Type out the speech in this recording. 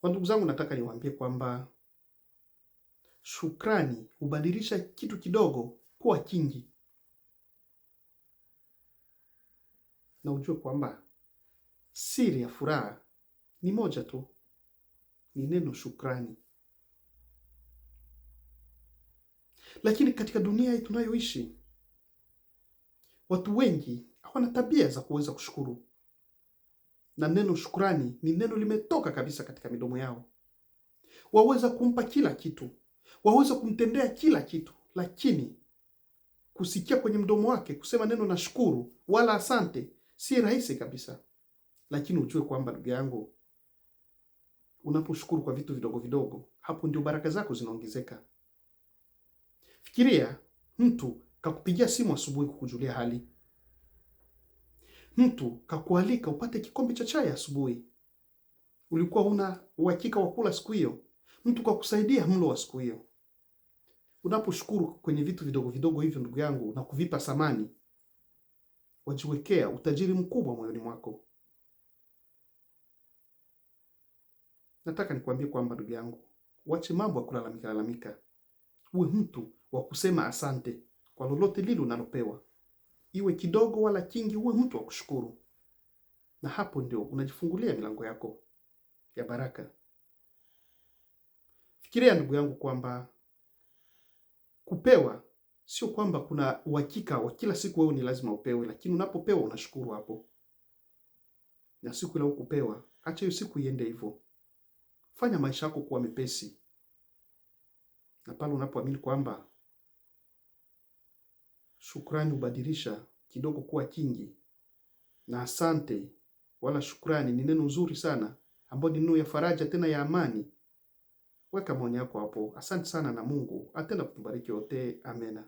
Kwa ndugu zangu, nataka niwaambie kwamba shukrani hubadilisha kitu kidogo kuwa kingi, na ujue kwamba siri ya furaha ni moja tu, ni neno shukrani. Lakini katika dunia hii tunayoishi, watu wengi hawana tabia za kuweza kushukuru na neno shukrani ni neno limetoka kabisa katika midomo yao. Waweza kumpa kila kitu, waweza kumtendea kila kitu, lakini kusikia kwenye mdomo wake kusema neno nashukuru wala asante si rahisi kabisa. Lakini ujue kwamba ndugu yangu, unaposhukuru kwa vitu vidogo vidogo, hapo ndio baraka zako zinaongezeka. Fikiria mtu kakupigia simu asubuhi kukujulia hali mtu kakualika upate kikombe cha chai asubuhi, ulikuwa una uhakika wa kula siku hiyo, mtu kakusaidia mlo wa siku hiyo. Unaposhukuru kwenye vitu vidogo vidogo hivyo, ndugu yangu, na kuvipa samani, wajiwekea utajiri mkubwa moyoni mwako. Nataka nikwambie kwamba ndugu yangu, uache mambo ya kulalamika lalamika, uwe mtu wa kusema asante kwa lolote lile unalopewa iwe kidogo wala kingi, uwe mtu wa kushukuru, na hapo ndio unajifungulia milango yako ya baraka. Fikiria ndugu yangu kwamba kupewa sio kwamba kuna uhakika wa kila siku wewe ni lazima upewe, lakini unapopewa unashukuru hapo, na siku ile ukupewa, acha hiyo siku iende hivyo. Fanya maisha yako kuwa mepesi, na pale unapoamini kwamba shukrani hubadilisha kidogo kuwa kingi, na asante wala shukrani ni neno nzuri sana, ambayo ni neno ya faraja tena ya amani. Weka maoni yako hapo. Asante sana na Mungu atenda kutubariki wote. Amena.